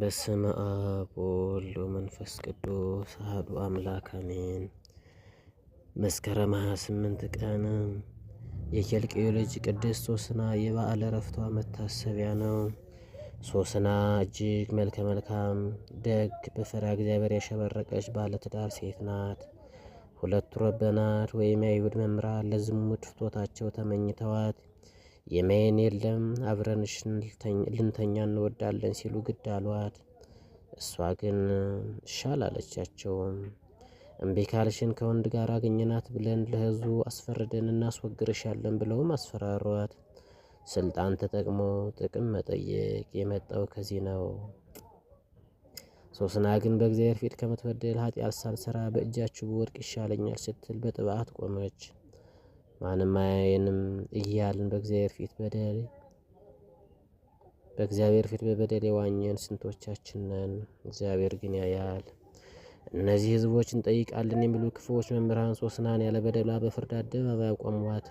በስመ አብ ወወልድ ወመንፈስ ቅዱስ አሐዱ አምላክ አሜን። መስከረም 28 ቀን የኬልቄው ልጅ ቅድስት ሶስና የበዓለ ዕረፍቷ መታሰቢያ ነው። ሶስና እጅግ መልከ መልካም ደግ፣ በፈሪሃ እግዚአብሔር ያሸበረቀች ባለትዳር ሴት ናት። ሁለቱ ረበናት ወይም የአይሁድ መምህራን ለዝሙት ፍቶታቸው ተመኝተዋት የመን የለም አብረንሽን ልንተኛ እንወዳለን ሲሉ ግድ አሏት። እሷ ግን ሻል አለቻቸውም። እምቢ ካልሽን ከወንድ ጋር አገኘናት ብለን ለህዙ አስፈርደን እናስወግርሻለን ብለውም አስፈራሯት። ስልጣን ተጠቅሞ ጥቅም መጠየቅ የመጣው ከዚህ ነው። ሶስና ግን በእግዚአብሔር ፊት ከምትበደል ኃጢአት ሳልሰራ በእጃችሁ ወርቅ ይሻለኛል ስትል በጥብዓት ቆመች። ማንም አያየንም እያልን በእግዚአብሔር ፊት በደል በእግዚአብሔር ፊት በበደል የዋኘን ስንቶቻችን ነን? እግዚአብሔር ግን ያያል። እነዚህ ህዝቦች እንጠይቃለን የሚሉ ክፉዎች መምህራን ሶስናን ያለ በደሏ በፍርድ አደባባይ አቆሟት፣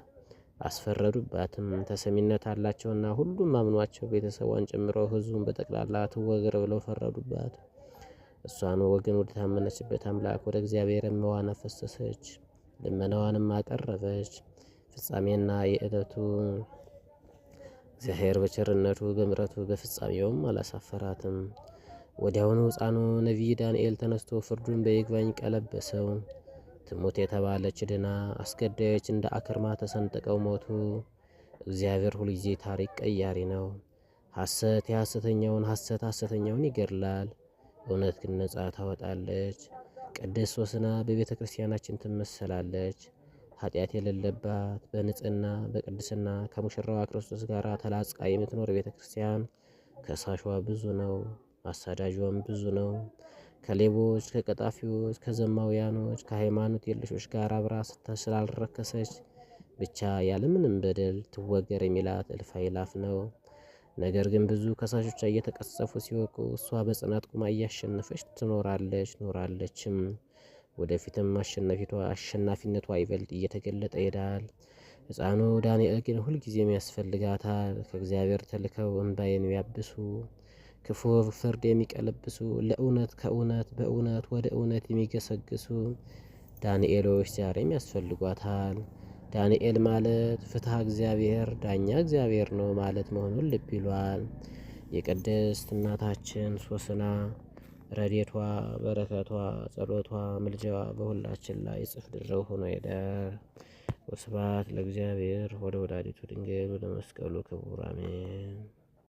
አስፈረዱባትም። ተሰሚነት አላቸውና ሁሉም አምኗቸው ቤተሰቧን ጨምሮ ህዝቡን በጠቅላላ ትወገር ብለው ፈረዱባት። እሷን ወገን ወደ ታመነችበት አምላክ ወደ እግዚአብሔር እምዋን አፈሰሰች፣ ልመናዋንም አቀረበች። ፍጻሜና የዕለቱ እግዚአብሔር በቸርነቱ በምሕረቱ በፍጻሜውም አላሳፈራትም። ወዲያውኑ ሕፃኑ ነቢይ ዳንኤል ተነስቶ ፍርዱን በይግባኝ ቀለበሰው። ትሙት የተባለች ድና አስገዳዮች እንደ አክርማ ተሰንጥቀው ሞቱ። እግዚአብሔር ሁልጊዜ ታሪክ ቀያሪ ነው። ሐሰት የሐሰተኛውን ሐሰት ሐሰተኛውን ይገድላል። እውነት ግን ነጻ ታወጣለች። ቅድስት ሶስና በቤተ ክርስቲያናችን ትመሰላለች። ኃጢአት የሌለባት በንጽህና በቅድስና ከሙሽራዋ ክርስቶስ ጋር ተላጽቃ የምትኖር ቤተ ክርስቲያን ከሳሿ ብዙ ነው፣ አሳዳጇም ብዙ ነው። ከሌቦች፣ ከቀጣፊዎች፣ ከዘማውያኖች፣ ከሃይማኖት የለሾች ጋር አብራ ስላልረከሰች ብቻ ያለምንም በደል ትወገር የሚላት እልፍ አእላፍ ነው። ነገር ግን ብዙ ከሳሾቿ እየተቀሰፉ ሲወቁ እሷ በጽናት ቁማ እያሸነፈች ትኖራለች ኖራለችም። ወደፊትም አሸናፊነቷ ይበልጥ እየተገለጠ ይሄዳል። ሕፃኑ ዳንኤል ግን ሁልጊዜም ያስፈልጋታል። ከእግዚአብሔር ተልከው እንባ የሚያብሱ ክፉ ፍርድ የሚቀለብሱ ለእውነት ከእውነት በእውነት ወደ እውነት የሚገሰግሱ ዳንኤሎች ዛሬም ያስፈልጓታል። ዳንኤል ማለት ፍትሐ እግዚአብሔር ዳኛ እግዚአብሔር ነው ማለት መሆኑን ልብ ይሏል። የቅድስት እናታችን ሶስና ረዴቷ፣ በረከቷ፣ ጸሎቷ፣ ምልጃዋ በሁላችን ላይ ጽፍ ድረው ሆኖ ይደር። ወስብሐት ለእግዚአብሔር ወደ ወላዲቱ ድንግል ወደ መስቀሉ ክቡር አሜን።